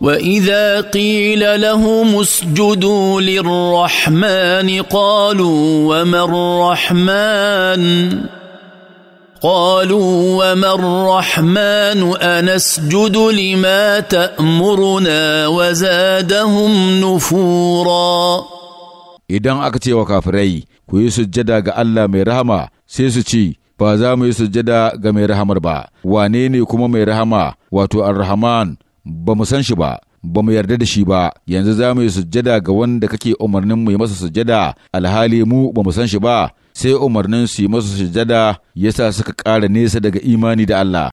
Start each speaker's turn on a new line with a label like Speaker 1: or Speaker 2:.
Speaker 1: واذا قيل لهم اسجدوا للرحمن قالوا وما الرحمن قالوا وما الرحمن انسجد لما تامرنا وزادهم نفورا idan
Speaker 2: aka ce wa kafirai ku yi sujjada ga Allah mai rahama sai su ci ba za mu yi sujjada ga mai rahamar ba wane ne kuma mai rahama wato ar-rahman ba mu san shi ba ba mu yarda da shi ba yanzu za mu yi sujjada ga wanda kake umarnin mu yi masa sujada alhali mu ba mu san shi ba sai umarnin su yi masa sujjada yasa suka ƙara
Speaker 3: nesa daga imani da Allah